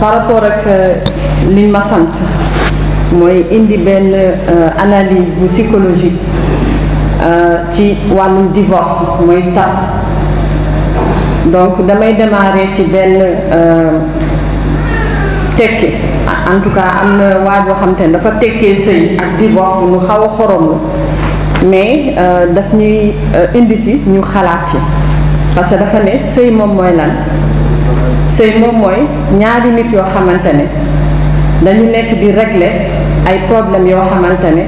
par rapport ak euh, liñ ma sant mooy indi benn euh, analyse bu psychologique euh, ci wàllum divorce mooy tas donc damay démarrer ci benn tekki en tout cas am na waajoo xam te dafa tekkee sëy ak divorce lu xaw a xorom mais daf ñuy indi ci ñu xalaat ci parce que dafa ne sëy moom mooy lan sëy moom mooy ñaari nit yoo xamante ne dañu nekk di régler ay problème yoo xamante ne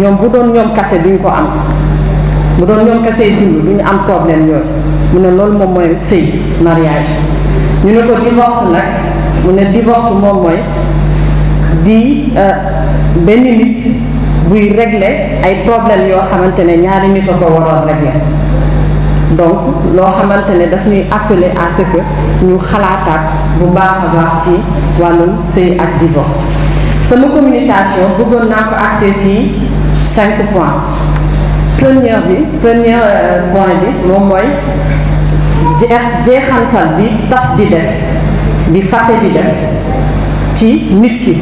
ñoom bu doon ñoom kase duñ ko am bu doon ñoom kase dund duñu am problème yooyu mu ne loolu moom mooy sëy mariage ñu ne ko divorce nag mu ne divorce moom mooy di euh, benn nit buy régler ay problème yoo xamante ne ñaari nit a ko waroon régler donc loo xamante ne daf ñuy appeler à ce que ñu xalaataat bu baax a baax ci wàllum sëy ak divorce sama communication bëggoon naa ko accès ci cinq points première bi premier euh, point bi moom mooy jeex jeexantal bi tas di def bi fase di def ci nit ki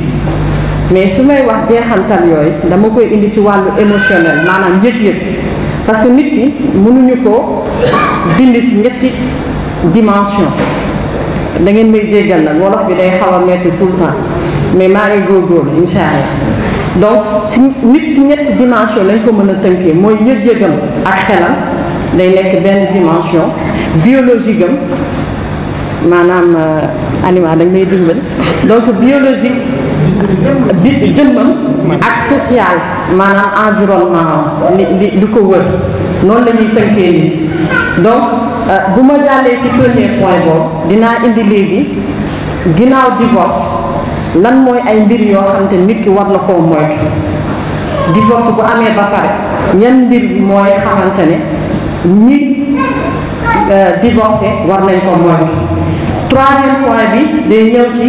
mais su may wax jeexantal yooyu dama koy indi ci wàllu émotionnel maanaam yëg-yëg parce que nit ki mënuñu ko dindi ci ñetti dimension da ngeen may jéggal nak wolof bi day xawa a metti tout temps mais ma ngi goor goor inshallah donc si nit si ñetti dimension lañ ko mën a moy yeg yegam ak xelam day nekk benn dimension biologique manam euh, animal dañ may dimbal donc biologique bi jëmmam ak social maanaam environnement li li li ko wër noonu la tënkee nit donc euh, bu ma jàllee ci premier point boobu dinaa indi léegi ginnaaw divorce lan mooy ay mbir yoo xam te nit ki war na koo moytu divorce bu amee ba pare yan mbir mooy xamante ne ñi euh, divorcé war nañ ko moytu troisième point bi day ñëw ci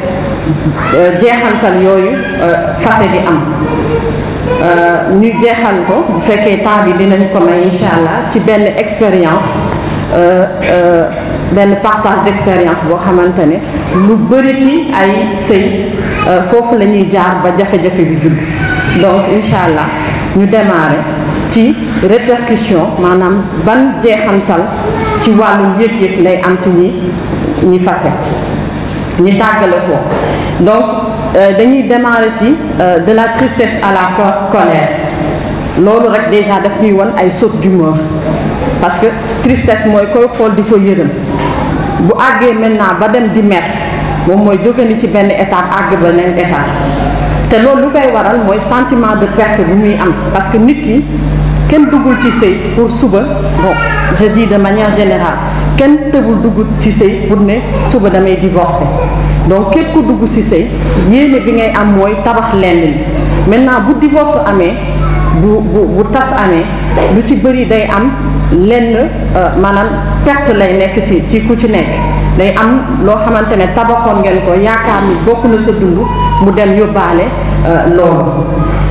Euh, jeexantal yooyu euh, fase bi am euh, ñu jeexal ko bu fekkee temps bi dinañ ko may incha allah ci benn expérience benn partage d'expérience boo xamante ne lu bëri ti ay sëy foofu la ñuy jaar ba jafe-jafe bi judd donc incha allah ñu démarrer ci répercussion maanaam ban jeexantal ci wàllum yëg-yëg lay am ci ñi ñi fase ñu tàggale ko donc euh, dañuy démarrer ci euh, de la tristesse à la colère lolu rek déjà daf ñuy won ay saut d'humeur parce que tristesse moy koy xol di ko yërëm bu aggé maintenant ba dem di mer mom moy jóge ni ci benn étape àgg beneen étape te loolu lu koy waral moy sentiment de perte bu muy am parce que nit ki ken duggul ci sey pour suba bon je dis de manière générale ken tëbul dugg ci sey pour ne suba damay divorcer donc kep ku dugg ci sey yéene bi ngay am moy tabax lenn li maintenant bu divorce amé bu bu bu tas amé lu ci bëri day am lenn euh, manam perte lay nek ci ci ku ci nek day am lo xamantene ne ngeen ko yaakaar ni bokk na sa dund mu dem yóbbaale euh, loolu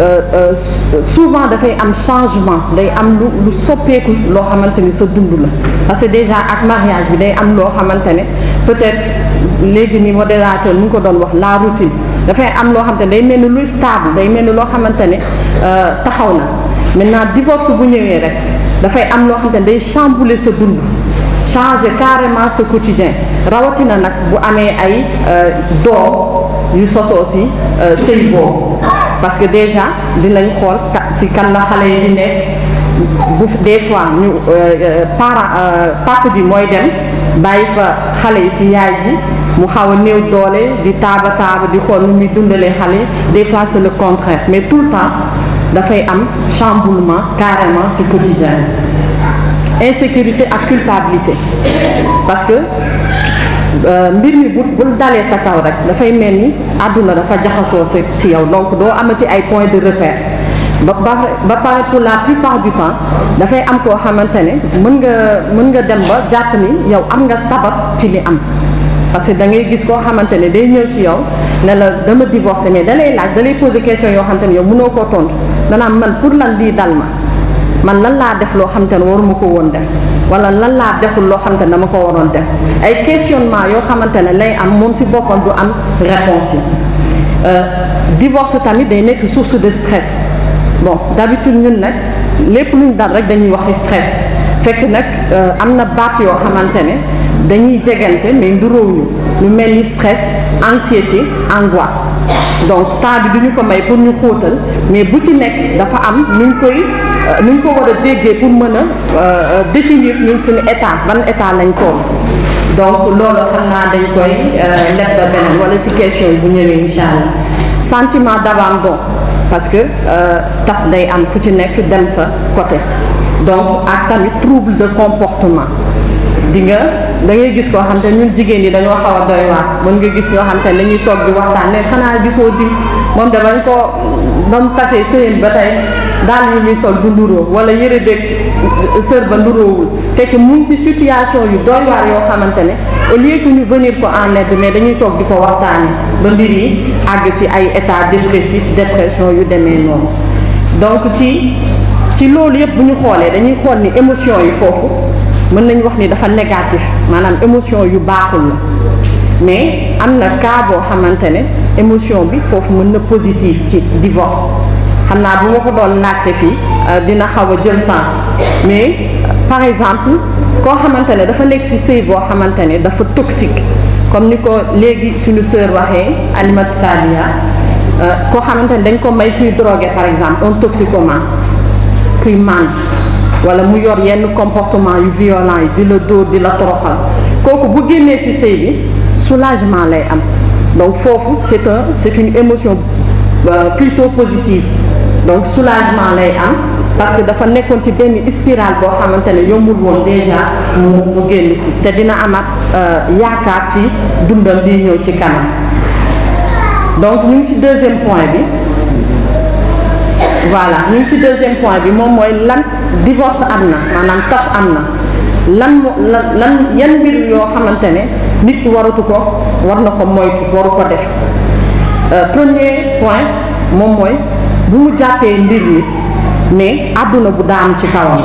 Euh, euh, souvent dafay am changement day am lu lu soppeeku loo xamante ni sa dund la parce que déjà ak mariage bi day am loo xamante peut-être les ni modérateur mu ngi ko wax la routine dafay am loo xamante ne day nous ni luy stable day mel ni loo xamante ne euh, maintenant divorce bu ñëwee rek dafay am loo xamante day chambouler sa dund changer carrément ce quotidien rawatina nak bu amee ay doom yu sosoo aussi c'est bon parce que déjà dinañ xol si kan la xalé di des fois ñu euh, euh, parent euh, papa ji mooy dem bàyyi fa xale yi si yaay ji mu xawa a doole di taaba taaba di xol ñu mi dundalé xalé des fois c'est le contraire mais tout le temps fay am chamboulement carrément le quotidien insécurité à culpabilité parce que Euh, mbir mi bu bul dalee sa kaw rek dafay mel ni àdduna dafa jaxasoo sa si yow donc doo amati ay point de repère ba ba pare pour la plupart du temps dafay am koo xamante ne mën nga mën nga dem ba jàpp ni yow am nga sabar ci li am parce que da ngay gis koo xamante ne day ñëw ci yow ne la dama divorcé mais da lay laaj da lay poser question yoo xamante ne yow koo tontu danaa man pour lan lii dal ma man lan laa def loo xam te ne waruma ko woon def wala lan laa deful loo xam te ne dama ko waroon def ay questionnement yoo xamante ne lay am moom si boppam du am réponse yi euh, divorce tamit day nekk source de stress bon d'habitude ñun nag lépp luñ dal rek dañuy waxi stress fekk nag euh, am na baat yoo xamante ne dañuy jegante mais ñu lu mel ni stress anxiété angoisse donc temps bi du ñu ko may pour ñu xóotal mais bu ci nekk dafa am nu ñu koy euh, ñu ko war a déggee pour mën a euh, définir ñun suñu état ban état lañ toll donc loolu xam naa dañ koy euh, leb ba beneen wala si question bu ñëwee incha allah sentiment d'abandon parce que tas day am ku ci nekk dem sa côté donc ak tamit trouble de comportement di nga. da ngay gis koo xam te ñun jigéen yi dañoo xaw a doy waar mën nga gis ñoo xam te ne dañuy toog di waxtaan ne xanaa gisoo di moom de bañ koo ba mu tasee sëyeen ba tey daal yu muy sol du nduróo wala yëre beeg euh, sër ba nduróowul fekk mu ngi si situation yu doy waar yoo xamante ne au ñu venir ko en de mais dañuy toog di ko waxtaan ba mbir yi àgg ci ay état dépressif dépression yu demee noonu donc ci ci loolu yëpp bu ñu xoolee dañuy xool ni émotion yi foofu. mën nañ wax ni dafa négatif maanaam émotion yu baaxul la mais am na cas boo xamante ne émotion bi foofu mën na positive ci divorce xam naa bu ma ko doon laajte fii euh, dina xaw a jël temps mais par exemple koo xamante ne dafa nekk ci sëy boo xamante ne dafa toxique comme ni ko léegi suñu sœur waxee alimat Sadia euh, koo xamante ne dañ ko may kuy drogué par exemple un toxicoman kuy mante wala mu yor yenn comportement yu violent yi di la dóor di la toroxal kooku bu génnee ci sëy bi soulagement lay am donc foofu c'est un c'est une émotion euh, plutôt positive donc soulagement lay am parce que dafa nekkoon ci benn spirale boo xamante ne yombul woon déjà mu mu génn ci te dina amaat euh, yaakaar ci dundam bi ñëw ci kanam donc ñu ngi ci deuxième point bi voilà ñu ngi ci deuxième point bi moom mooy lan divorce am na maanaam tas am na lan moo lan lan yan mbir yoo xamante ne nit ki waratu ko war na ko moytu waru ko def euh, premier point moom mooy bu mu jàppee mbir mi mais àdduna bu daanu ci kawam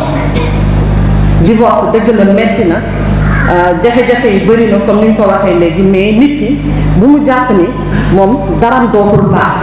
divorce dëgg la metti na euh, jafe-jafe yi bëri na comme ni ñu ko waxee léegi mais nit ki bu mu jàpp ni moom daram dootul baax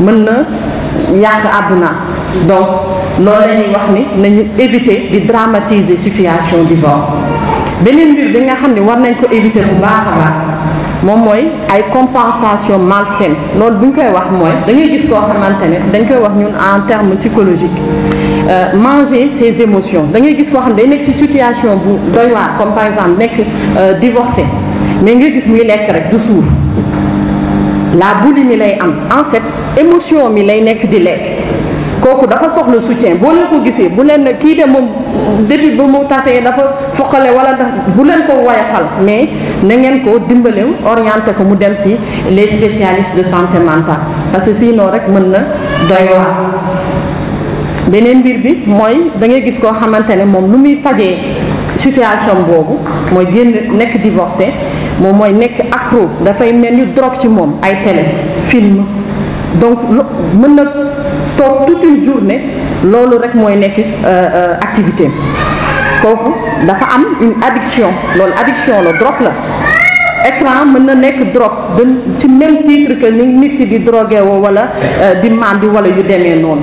mën na yàq donc loolu la wax ni nañu éviter di dramatiser situation divorce benen bir bi nga xam war nañ ko éviter bu baax a baax moom mooy ay compensation malsaine lolou buñ koy wax moy dañuy ngay gis koo xamante dañ koy wax ñun en terme psychologique Euh, manger ses émotions da ngay gis koo xam day nekk ci situation bu doy waar comme par exemple nek euh, divorcé mais nga gis muy nek rek du suur la boulimie lay am en fait émotion mi lay nekk di lekk kooku dafa soxla soutien boo leen ko gisee bu leen kii de moom début ba mu tasee dafa foqale wala bu leen ko woyafal mais na ngeen ko dimbalew orienté ko mu dem si les spécialistes de santé mentale parce que sinon rek mën na doy waar beneen mbir bi mooy da ngay gis koo xamante ne moom lu muy fajee situation boobu mooy génn nekk divorcé moom mooy nekk accro dafay mel ni drogue ci moom ay tele film donc mën na toog toute une journée loolu rek mooy nekk euh, euh, activité kooku dafa am une addiction loolu addiction la drogue la écran mën na nekk drogue de ci même titre que ni nit di drogué woo wala euh, di màndi wala yu demee noonu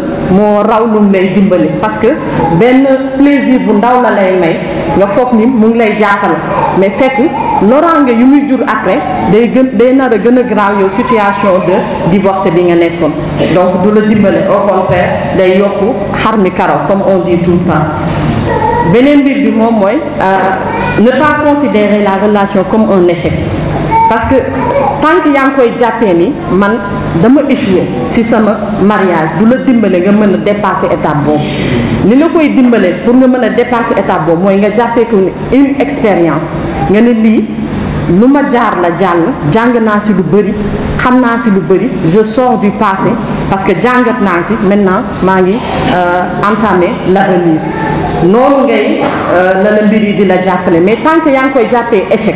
mo raw lum lay dimbali parce que benn plaisir bu ndaw la lay may nga foog ni mu ngi lay jàppale mais fekk loraange yu muy jur après day gën day nar a gën a yow situation de divorce bi nga nekkoon donc du la dimbale au contraire day yokku xar mi karaw comme on dit tout le temps beneen mbir bi moom mooy euh, ne pas considérer la relation comme un échec parce que tant que yang koy jappé ni man dama échoué ci sama mariage du la dimbale nga mën dépasser étape bob ni la koy dimbalé pour nga mën dépasser étape bob moy nga jappé ko une expérience nga ne lii lu jaar la jàll jang na ci lu bari xamna ci lu bari je sors du passé parce que jangat na ci maintenant maa ngi euh, entamer l'avenir noonu ngay euh la mbiri yi di la jàppale mais tant que yang koy jappé échec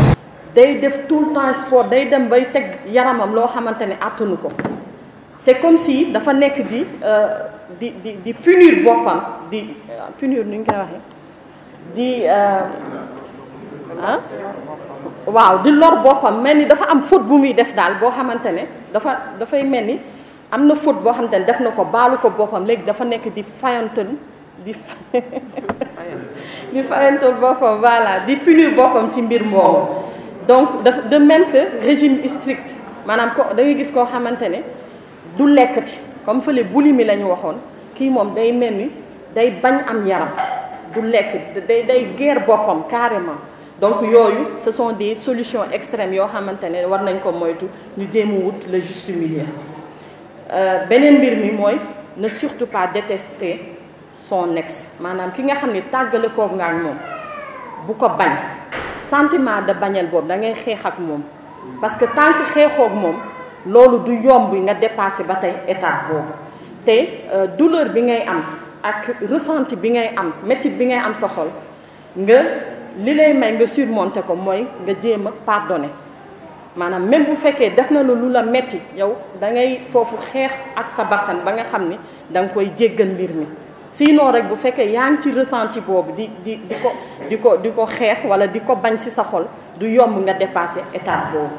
day def tout le temps sport day dem bay teg yaramam loo xamante ne àttanu ko c'est comme si dafa nekk di euh, di di di punir boppam di euh, punir nu ñu koy waxee di ah waaw di lor boppam mel ni dafa am faute bu muy def daal boo xamante ne dafa dafay mel ni am na faute boo xamante ne def na ko baalu ko boppam léegi dafa nekk di fayantal di di fayantal boppam voilà di punir boppam ci mbir moomu donc de même que régime strict manam ko da ngay gis koo xamante du lekkati comme fële boulimie la waxone ki mom day mel day bañ am yaram du lekk day day guerre bopam carrément donc yoyu ce sont des solutions extrêmes yo xamantene war nañ ko moytu ñu jéem wut le juste milieu euh benen bir mi moy ne surtout pas détester son ex manam ki nga xamni ne ko koog nga ak moom bu ko bañ sentiment de bañal bob da ngay xeex ak mom parce que tant que xeexoo ak moom du yomb nga dépassé batay étape bob. te euh, douleur bi ngay am ak ressenti bi ngay am métit bi ngay am sa xol nga li lay may nga surmonter ko moy nga jéem pardonner maanaam même bu féké def na la lu la metti yow da ngay fofu xeex ak sa baxane ba nga xamni dang koy djéggal mbir mi sinon rek bu fekkee yaa ngi ci ressenti boobu di di di ko di ko di ko xeex wala di ko bañ ci sa xol du yomb nga dépasser étape boobu.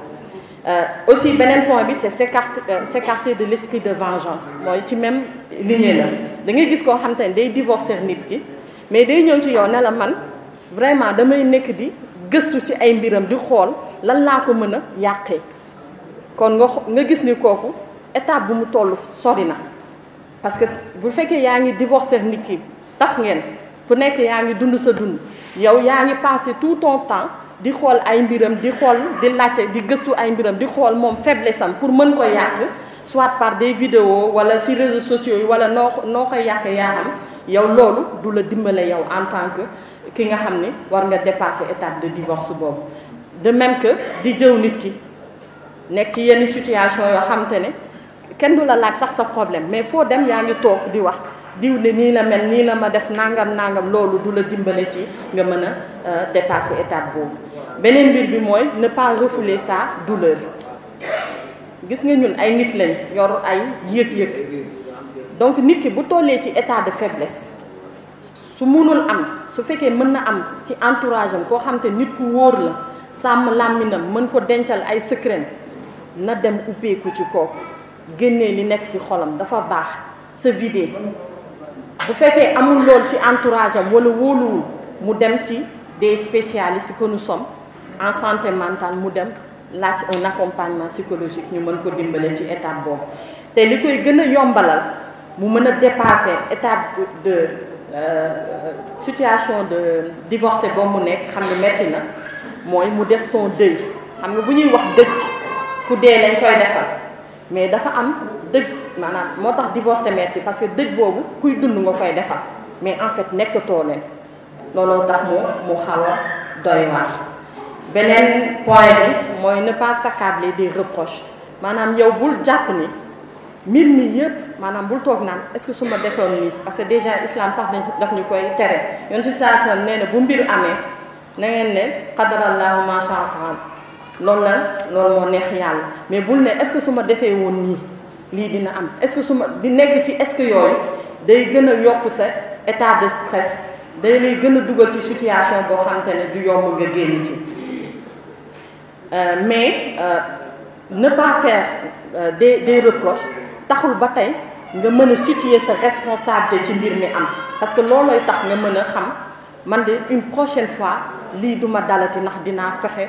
Euh, aussi beneen point bi c'est s'écarter euh, s'écarter de l'esprit de vengeance mooy ci même lignée la da ngay gis koo xam te day divorcer nit ki mais day ñëw ci yow ne la man vraiment damay nekk di gëstu ci ay mbiram di xool lan laa ko mën a yàqee kon nga nga gis ni kooku étape bu mu toll sori na parce que bu fekkee yaa ngi divorcer nit ki tas ngeen ku nekk yaa ngi dund sa dund yow yaa ngi passé tout ton temps di xool ay mbiram di xool di laajte di gëstu ay mbiram di xool moom faiblesse am pour mën ko yàq soit par des vidéos wala si réseaux sociaux yi wala noo noo koy yàqee yaa yow loolu du la dimbale yow en tant que ki nga xam ne war nga dépasser étape de divorce boobu de même que di jëw nit ki nekk ci yenn situation yoo xam ne kenn du la laaj sax sa problème mais foo dem yaa ngi toog di wax diw ne nii la mel nii la ma def nangam nangam loolu du la dimbale ci nga mën a euh, dépasser étape boobu beneen mbir bi mooy ne pas refouler sa douleur gis nga ñun ay nit lañ yor ay yëg-yëg donc nit ki bu tollee ci état de faiblesse su munul am su fekkee mën na am ci entourage am koo xam nit ku wóor la sàmm làmminam mën ko dencal ay secret na dem ubbeeku ci kooku génnee les nekk ci xolam dafa bax se vider bu fekkee amul lool ci entourage am wala wóoluwul mu dem ci des spécialistes que nous sommes en santé mentale mu dem lacc un accompagnement psychologique ñu mën ko dimbalé ci étape bo té likoy gëna yombalal mu mën dépasser étape de euh, situation de divorcé bo mu nek xam nga metti na moy mu def son deuil xam nga bu ñuy wax dëj ku dee lañ koy defal mais dafa am dëgg maanaam moo divorce parce que dëgg boobu kuy dund nga koy defal mais en fait nekkatoo leen looloo tax mu mu a point ne pas s'accabler des reproches maanaam yow bul ni bul est-ce que je parce que déjà islam sax daf ñu koy tere bu mbir na ngeen ne loolu la loolu moo neex yàlla mais bul ne est-ce que su ma defee woon nii lii dina am est-ce que su ma di nekk ci est-ce que yooyu day gën a yokk sa état de stress day lay gën a dugal ci situation boo xamante ne du yomb nga génn ci euh, mais euh, ne pas faire euh, des des reproches taxul ba tey nga mën a situer sa responsabilité ci mbir mi am parce que loolooy tax nga mën a xam man de une prochaine fois lii duma dalati ndax dinaa fexe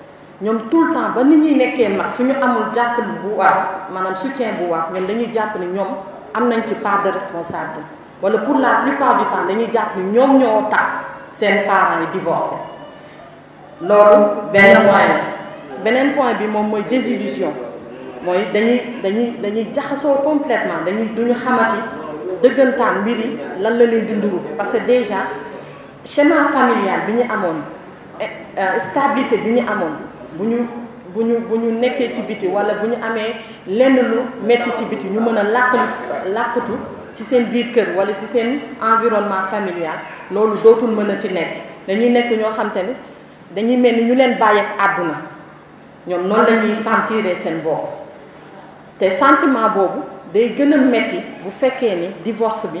sommes tout le temps ba nit suñu amul soutien bu war nous dañuy ni ci part de responsabilité pour la plupart du temps dañuy japp ni ñom ñoo parents yi divorcé loolu benn point benen point bi mom moy désillusion moy dañuy dañuy dañuy jaxaso complètement duñu xamati lan la leen parce que déjà schéma familial bi ñu eh, euh, stabilité bu ñu bu ñu bu ñu nekkee ci biti wala bu ñu amee lenn lu metti ci biti ñu mën a làq làqatu ci seen biir kër wala ci seen environnement familial loolu dootul mën a ci nekk dañuy nekk ñoo xam te ni dañuy mel ni ñu leen bàyyi ak àdduna ñoom noonu la ñuy seen bopp te sentiment boobu day gën a metti bu fekkee ni divorce bi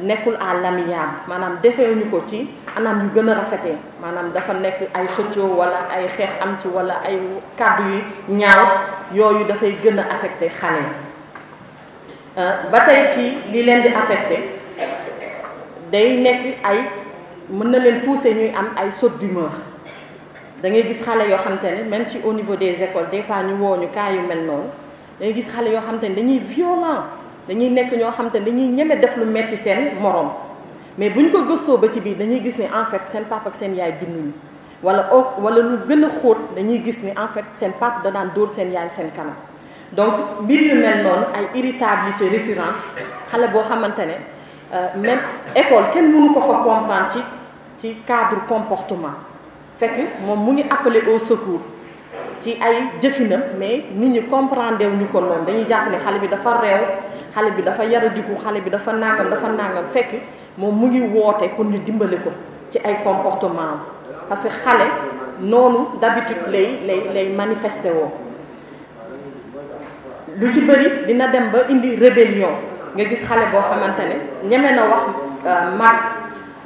nekkul à l'amiable maanaam defee ñu ko ci anam yu gën a rafetee maanaam dafa nekk ay xëccoo wala ay xeex am ci wala ay kàddu yu ñaaw yooyu dafay gën a affecté xale yi euh, ba tey ci li leen di affecté day nekk ay mën na leen pousser ñuy am ay sautes d'humeur da ngay gis xale yoo xamante ne même ci au niveau des écoles des fois ñu wooñu ñu yu mel noonu da gis xale yoo xamante ne dañuy violent dañuy nekk ñoo xam te def lu mais buñ ko ba ci en fait seen papa ak seen wala oh, wala dañuy en fait seen papa da daan dóor seen donc mbir yu mel noonu ay irritabilité récurrente xale euh, même école mënu ko fa comprendre cadre comportement fekk moom appelé au secours ci ay mais nous ñi comprendre wu ñu ko dañuy ne bi xale bi dafa yaradiku xale bi dafa nangam dafa nangam fekk moom mu ngi woote pour ñu dimbali ko ci ay comportement am parce que xale noonu d'habitude lay lay lay manifesté woo lu ci bëri dina dem ba indi rébellion nga gis xale boo xamante ne ñeme na wax euh, mag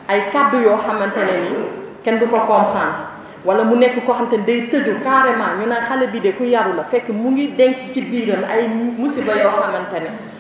ay kàddu yoo xamante ne ni kenn du ko comprendre wala mu nekk koo xam te ne day tëju carrément ñu naan xale bi de ku yaru la fekk mu ngi denc ci biiram ay musiba yoo xamante ne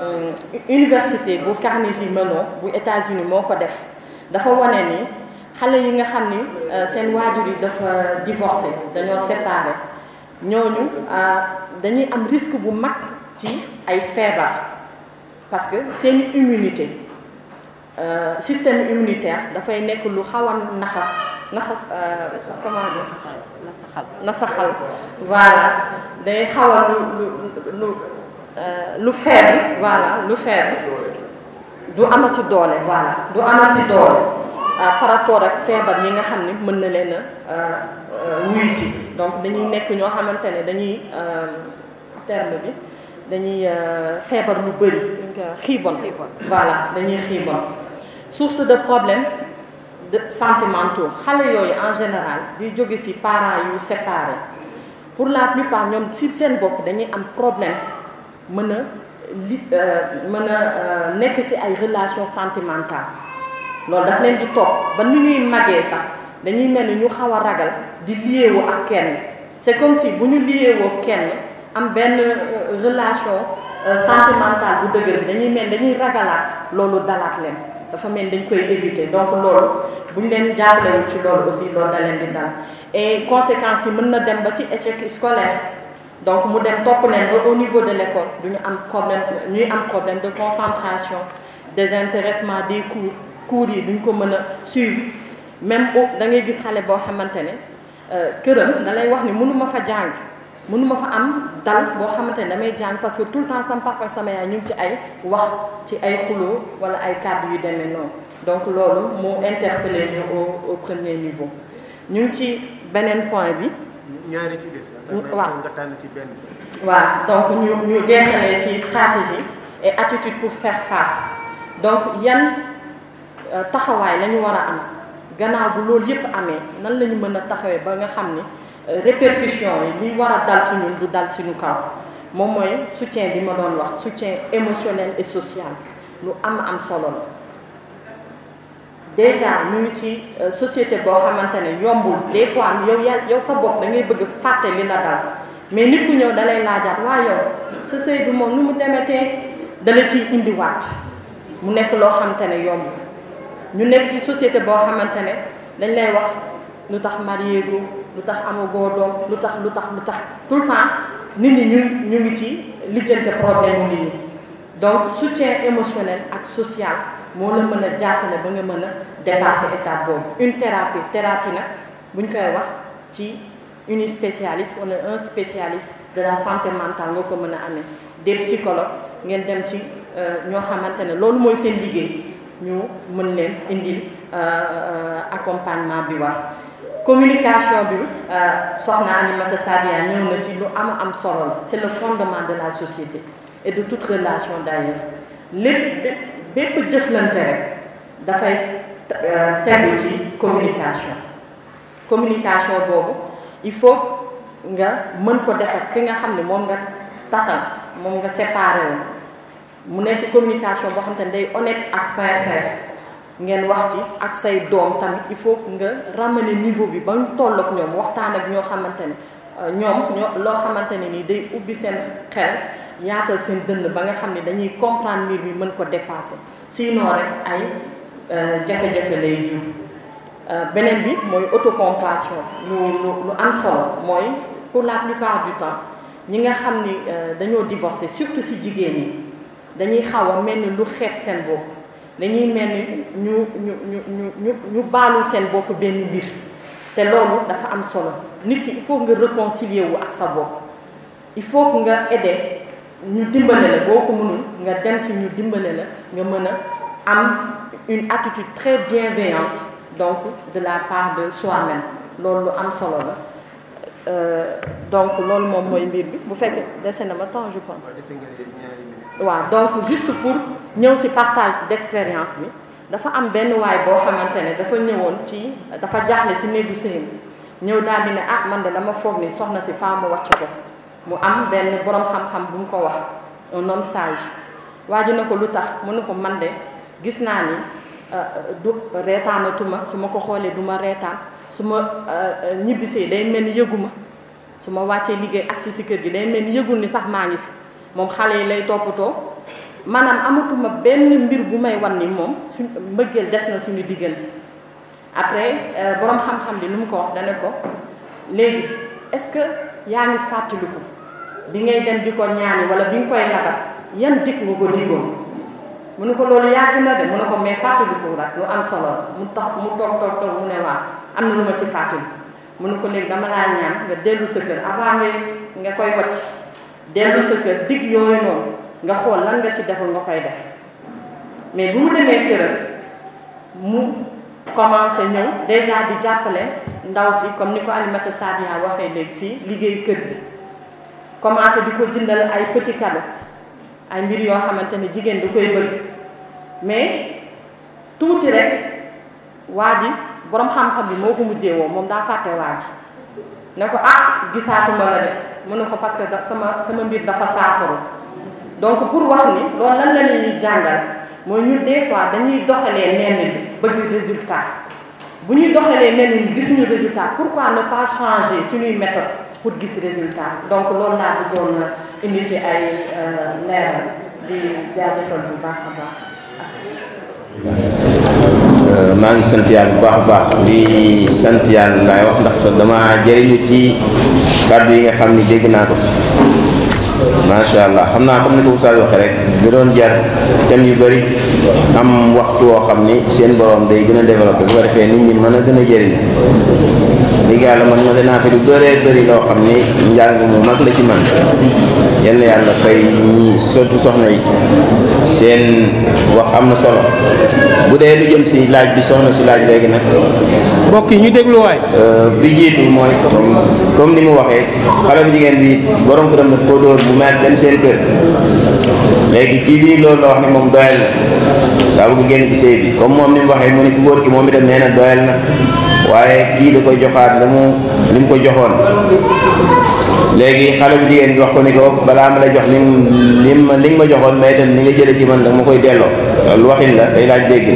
Euh, université bu Carnegie Mellon bu États-Unis moo ko def dafa wane ni xale yi nga xam ni euh, seen waajur yi dafa divorcé dañoo séparé ñooñu euh, dañuy am risque bu mag ci ay feebar parce que seen immunité système immunitaire dafay nekk lu xawan naxas naxas comment dire nasaxal nasaxal voilà day xaw a lu lu lu euh, le faible voilà le faible du amati doole voilà du amati euh, par rapport ak feebar yi nga xam ne euh, si donc dañuy ne dañuy terme bi dañuy voilà source de problème de sentimentaux xale yooyu en général di jóge si parents yu séparés pour la plupart ñoom si seen bopp problème mën a li euh, euh, relations sentimentales loolu daf leen di topp ba ni ñuy magee sax dañuy mel c'est comme si bu ñu liyeewoo kenn am euh, relation sentimentale bu dëgër dañuy mel dañuy ragalaat loolu éviter donc loolu bu ñu leen ci aussi et conséquence dem ba ci échec scolaire donc mu dem topp leen ba au niveau de l'école du ñu am problème ñuy am problème de concentration désintéressement des cours cours yi duñ ko mën a suivre même da ngay gis xale boo xamante ne euh, këram da lay wax ni mënuma fa jàng mënuma fa am dal boo xamante ne damay jàng parce que tout le temps sama papa sama yaay ñu ci ay wax ci ay xuloo wala ay cadre yu demee noonu donc loolu moo interpellé ñu au au premier niveau ñu ci beneen point bi. ñaari ci des waaw donc ñu ñu jeexalee ci stratégie et attitude pour faire face donc yan euh, taxawaay la ñu a am gannaaw bu loolu yépp amee nan la ñu mën a taxawee ba nga xam ni euh, répercussion yi li war dal suñu du dal suñu kaw moom mooy soutien bi ma doon wax soutien émotionnel et social lu am am solo la déjà ñu ngi ci euh, société boo xamante ne yombul des fois yow yaa yow sa bopp da ngay bëgg fàtte li la dal mais nit ku ñëw da lay laajaat waa yow sa sëy bi moom lu mu demetee dala ciy indiwaat mu nekk loo xamante ne yomb ñu nekk ci société boo xamante ne dañ lay wax lu tax marié gu lu tax amagoo doom lu tax lu tax lu tax tout le temps nit ñi ñu ñu ngi ci liggante problème nit ñi donc soutien émotionnel et social moo la mën a jàppale ba nga mën a dépasser étape boobu une thérapie thérapie nag bu ñu koy wax ci une spécialiste on est un spécialiste de la santé mentale nga ko mën a amee des psychologues ngeen dem ci euh, ñoo xamante ne loolu mooy seen liggéey ñu mën leen indil euh, euh, accompagnement bi wax communication bi soxna Alimata Sadia ñëw na ci lu am am solo la c'est le fondement de la société et de toute relation d'ailleurs lépp bépp jëflante rek dafay euh, tegu ci communication communication boobu il faut nga mën ko def ak ki nga xam ne moom nga tasal moom nga séparé wu mu nekk communication boo xam ne day honnête ak sincère ngeen wax ci ak say doom tamit il faut nga ramener niveau bi ba mu toll ak ñoom waxtaan ak ñoo xamante ne ñoom loo ne ni day ubbi xel comprendre mën ko dépasser sinon rek ay euh, jafe-jafe lay jur euh, beneen bi mooy autocompassion lu lu pour la plupart du temps ñi nga xam euh, surtout si jigéen ñi dañuy xaw a lu xeeb seen dañuy ñu ñu c'est ce dafa am solo il faut nga réconcilier wu sa il faut que nga aider nous une attitude très bienveillante donc de la part de soi-même am euh, donc lolu mbir bi bu je pense donc juste pour ñëw se partage d'expérience dafa am benn waay boo xamante ne dafa ñëwoon ci dafa jaaxle si néegu sëyam ñëw daal di ne ah man de dama foog ni soxna si faa mu wàcc ko mu am benn borom xam-xam bu mu ko wax noon homme sage waa ji na ko lu tax mu ne ko man de gis naa ni euh, du reetaanatuma su ma ko xoolee du ma reetaan su ma euh, ñibbisee day mel ni yëgu su ma wàccee liggéey agsi si kër gi day mel yëgul ni sax maa ngi fi moom xale yi lay toppatoo maanaam amatuma benn mbir bu may wan ni moom suñ mbëggeel des na suñu diggante après euh, boroom xam-xam bi lu mu ko wax dana ko léegi est-ce que yaa ngi fàttaliku bi ngay dem di ko ñaani wala bi nga koy labat yan dikk nga ko diggoon mu ne ko loolu yàgg na de mu ne ko mais fàttaliku rek lu am solo mu tax mu toog toog toog mu ne waaw am na lu ma ci fàttaliku mu ne ko léegi dama laa ñaan nga dellu sa kër avant nga nga koy wacc dellu sa kër digg yooyu noonu nga xool lan nga ci deful nga koy def mais bu mu demee këram mu commencé ñëw déjà di jàppale ndaw si comme ni ko Alimata Sadia waxee léegi si liggéey kër gi commencé di ko jëndal ay petit cadeau ay mbir yoo xamante ne jigéen di koy bëgg mais tuuti rek waa ji boroom xam-xam bi moo ko mujjee woo moom daa fàtte waa ji nga ko ah gisaatuma la de mu ne ko parce que sama sama mbir dafa saafaru donc pour wax ni loolu lan la ñuy jàngal mooy ñu des fois dañuy doxalee nenn yi bëgg résultat bu ñuy doxalee nenn gis ñu résultat pourquoi ne pas changer suñuy méthode pour gis résultat donc loolu laa bëggoon indi ci ay euh, leeral di jaajëfal bu baax a baax. Euh, maa ngi sant yàlla bu baax a baax di sant yàlla laay wax ndax dama jëriñu ci kàddu yi nga xam ni dégg naa ko. macha allah xam naa comme ni ko Oustaz waxee rek da doon jar thèmes yu bëri am waxtu woo xam ni seen borom day gën a développé bu ko defee nit ñi mën a gën a jëriñ dëgg yàlla man ma danaa fi lu bëree bëri loo xam ni njàng mu mag la ci man yenn yàlla fay ñi surtout soxna yi seen wax am na solo bu dee lu jëm si laaj bi soxna si laaj léegi nag mbokk yi ñu dégluwaay euh, bi jiitu mooy comme ni mu waxee xale bu jigéen bi borom këram daf ko dóor bu met dem seen kër léegi ci lii loolu la wax ne moom doyal na daa bëgg génn ci sëy bi comme moom ni mu waxee mu ne ku góor ki moom itam dem na doyal na waaye kii da koy joxaat la mu li mu ko joxoon léegi xale bu jigéen bi wax ko ni ko balaa ma la jox li li li nga ma joxoon mais itam ni nga jële ci man da ma koy delloo loolu waxin la day laaj dégg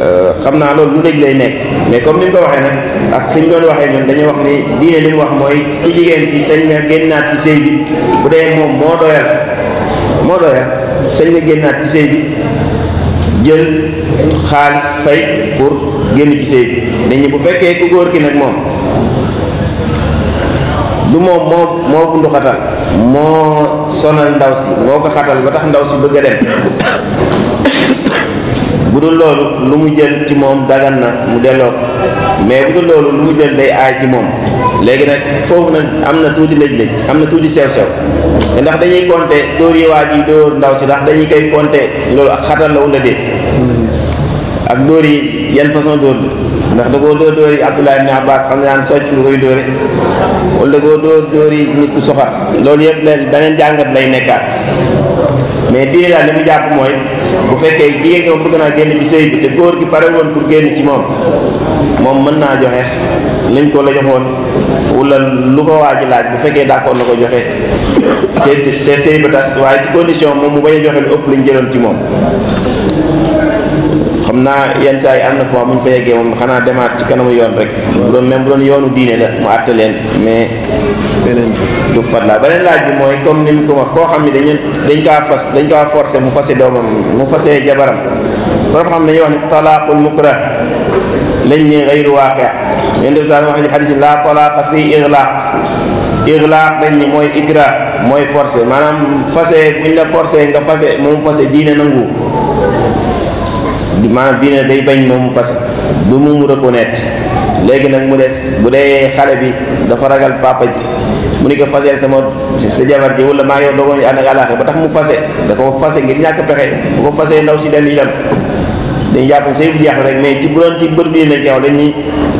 euh, xam naa loolu lu nekk lay nekk mais comme ni mu ko waxee nag ak fi ñu doon waxee ñoom dañuy wax ni diine li mu wax mooy ku jigéen ci sañ nga génnaat ci sëy bi bu dee moom moo doyal moo doyal sañ nga génnaat ci sëy bi jël xaalis fay pour génn ci bi dañu bu fekkee ku góor gi nag moom du moom moo moo bundu xatal moo sonal ndaw si moo ko xatal ba tax ndaw si bëgg a dem bu dul loolu lu mu jël ci moom dagan na mu delloo ko mais bu dul loolu lu mu jël day aay ci moom léegi nag foofu nag am na tuuti lëj-lëj am na tuuti sew-sew te ndax dañuy compté dóor yi waa ji dóor ndaw si ndax dañuy koy compté loolu ak xatal la wala déet ak dóor yi yan façon dóor ndax da koo dóor dóor yi Abdullah ibn Abbas xam ne daan socc lu koy dóore wala koo dóor dóor yi nit ku soxar loolu yëpp leen beneen jàngat lay nekkaat mais diine daal bu fekkee jigéen gi bëgg naa génn bi sëy bi te góor gi pare woon pour génn ci moom moom mën naa joxe nañ ko la joxoon wala lu ko waa ji laaj bu fekkee d'accord na ko joxe te te sëy ba tas waaye ci condition moom mu bañ a joxe lu ëpp lañ jëloon ci moom xam naa yenn saa yi am na foo bu ñu fa yeggee moom xanaa demaat ci kanamu yoon rek bu doon même bu doon yoonu diine la mu àtte leen mais beneen du fadlaa beneen laaj bi mooy comme ni mu ko wax koo xam ne dañu dañ kaa fas dañ kaa forcé mu fase doomam mu fasee jabaram borom xam ne dañuy wax ne talaaqul mukrah lañ ne gayru waaqi yéen def saa wax fii iglaq iglaq dañ mooy igra mooy forcé maanaam fase buñ la forcé nga fase moom fase diine nangu maanaam diine day bañ moom fase du mu reconnaître léegi nak mu dess budé xalé bi dafa ragal papa ji mu ni ko faseel sama sa jabar ji wala ma yow dogoon ñu ànd ak ba tax mu fase da ko fase ngir ñak pexé bu ko fasé ndaw ci dem yi dem dañ jàpp ne sëy bu jeex rek mais ci bu don ci bët bi lañ koy wax dañ ni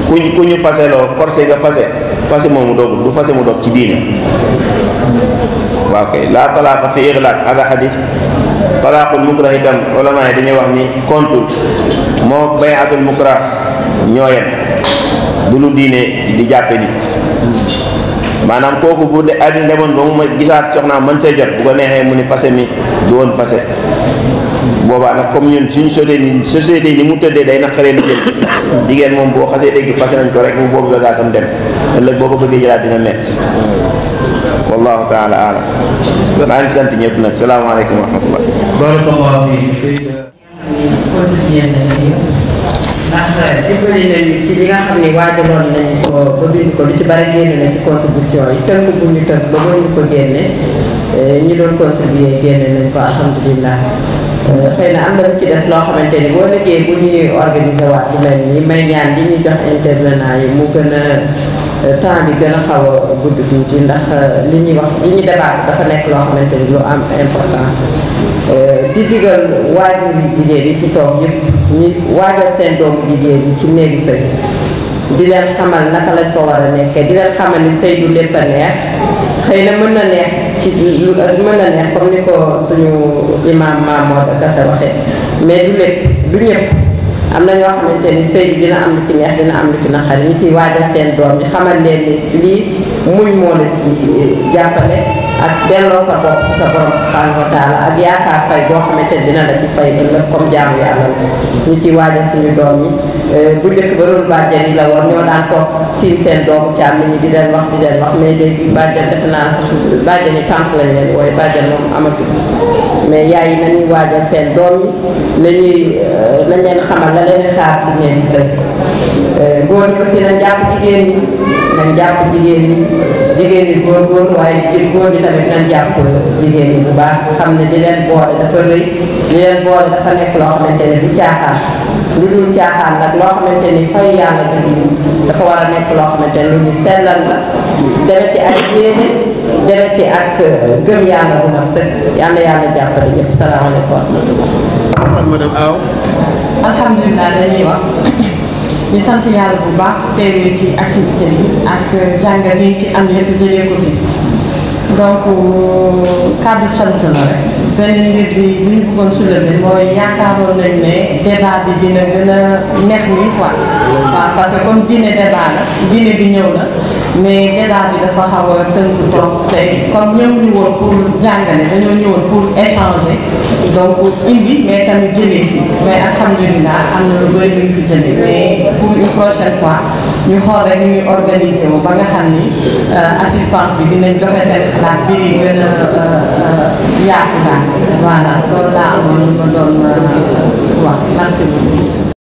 ku ku ñu forcé nga fase fase momu mu du fase mu dog ci diiné waaw kay la talaaka fi ighlaq hada xadis talaaqul mukrah itam ulama yi dañ wax ni kontul mo bayatul mukrah ñoo bu dine di jappé nit manam koku bu de àddina demoon ba ma gisat soxna man sey jot bu ko nexé muni ni mi du won fase boba nak comme ñun suñ sodé ni société ni mu tëddee day naqaree ni jël jigéen mom bo xasee dégg fase nañ ko rek bu bobu boobu sam dem ëlëk boo ko jëla dina metti wallahu taala alam maa ngi sant nak assalamu alaykum wa rahmatullah barakallahu fi ndax dimbali eh, xam ne waajaloon nañ ko ba bind ko lu ci bari génn na ci contribution yi tënk bu ñu tënk ba mënuñu ko génne eh, ñi doon contribuer génne nañ ko alhamdulilah eh, xëy na am na lu ci des loo xamante ni boo liggéey bu ñuy organiser bu mel nii may ñaan li ñuy jox intervenant yi mu gën a temps bi gën a xaw a gudd ndax euh, li ñuy wax li ñuy débat dafa nekk loo xamante ni lu am importance euh, di digal waajur yi jigéen yi fi toog yëpp ñuy waajal seen doomu jigéen yi ci néegu sëy di leen xamal naka lañ fa war a nekkee di leen xamal ni sëy du lépp a neex xëy na mën na neex ci mën na neex comme ni ko suñu imam Mamadou Kassé waxee mais du lépp du ñëpp amna ñoo xamanteni ni sëy bi dina am lu ci neex dina am lu ci naqari ñi ci waajal seen doom yi xamal leen li lii muñ moo la ci jàppale ak delloo sa bopp sa borom subhanahu ak yaakaar fay boo xamante ne dina la ci fay ëllëg comme jaamu yàlla la ñu ci waaja suñu doom yi euh, bu njëkk ba loolu bàjjen yi la woon ñoo daan toog tiim seen doomu càmm ñi di leen wax di leen wax mais léegi bàjjen def naa sax bàjjen yi tant lañ leen wooye bàjjen moom amatu mais yaay yi nañuy waajal seen doom yi lañuy euh, nañ leen xamal la leen xaar si néeg bi sëy euh, góor ñi aussi góor waaye jigéen góor ñi tamit nañ jàpp jigéen ñi bu baax xam ne di leen boole dafa rëy di leen boole dafa nekk loo xamante ne du caaxaan lu dul caaxaan nag loo xamante ni fay yàlla da ci dafa war a nekk loo xamante ne lu ñu sellal la deme ci ak yéene deme ci ak euh, gëm yàlla bu ma sëkk yal yàlla jàppale ñëpp salaamaaleykum wa rahmatulah. wax. ñu sant yàlla bu baax teewee ci activité bi ak euh, jàngat yi ci am yëpp jëlee ko fi. donc euh, kàddu sant la rek benn mbir bi bu ñu bëggoon soulever mooy yaakaaroon nañ ne débat bi dina gën a neex nii quoi waaw parce que comme diine débat la diine bi ñëw la mais débat bi dafa xaw a tënku trop te comme ñëw ñu woon pour jàngale dañoo ñëwoon pour échanger donc indi mais tamit jëlee fi mais alhamdulilah am na lu bëri lu ñu fi jëlee mais pour une prochaine fois ñu xool rek ñuy organiser wu ba nga xam ni euh, assistance bi dinañ joxe seen xalaat bi di gën a euh, euh, yaatu daal voilà loolu laa amoon lu ma doon wax merci beaucoup.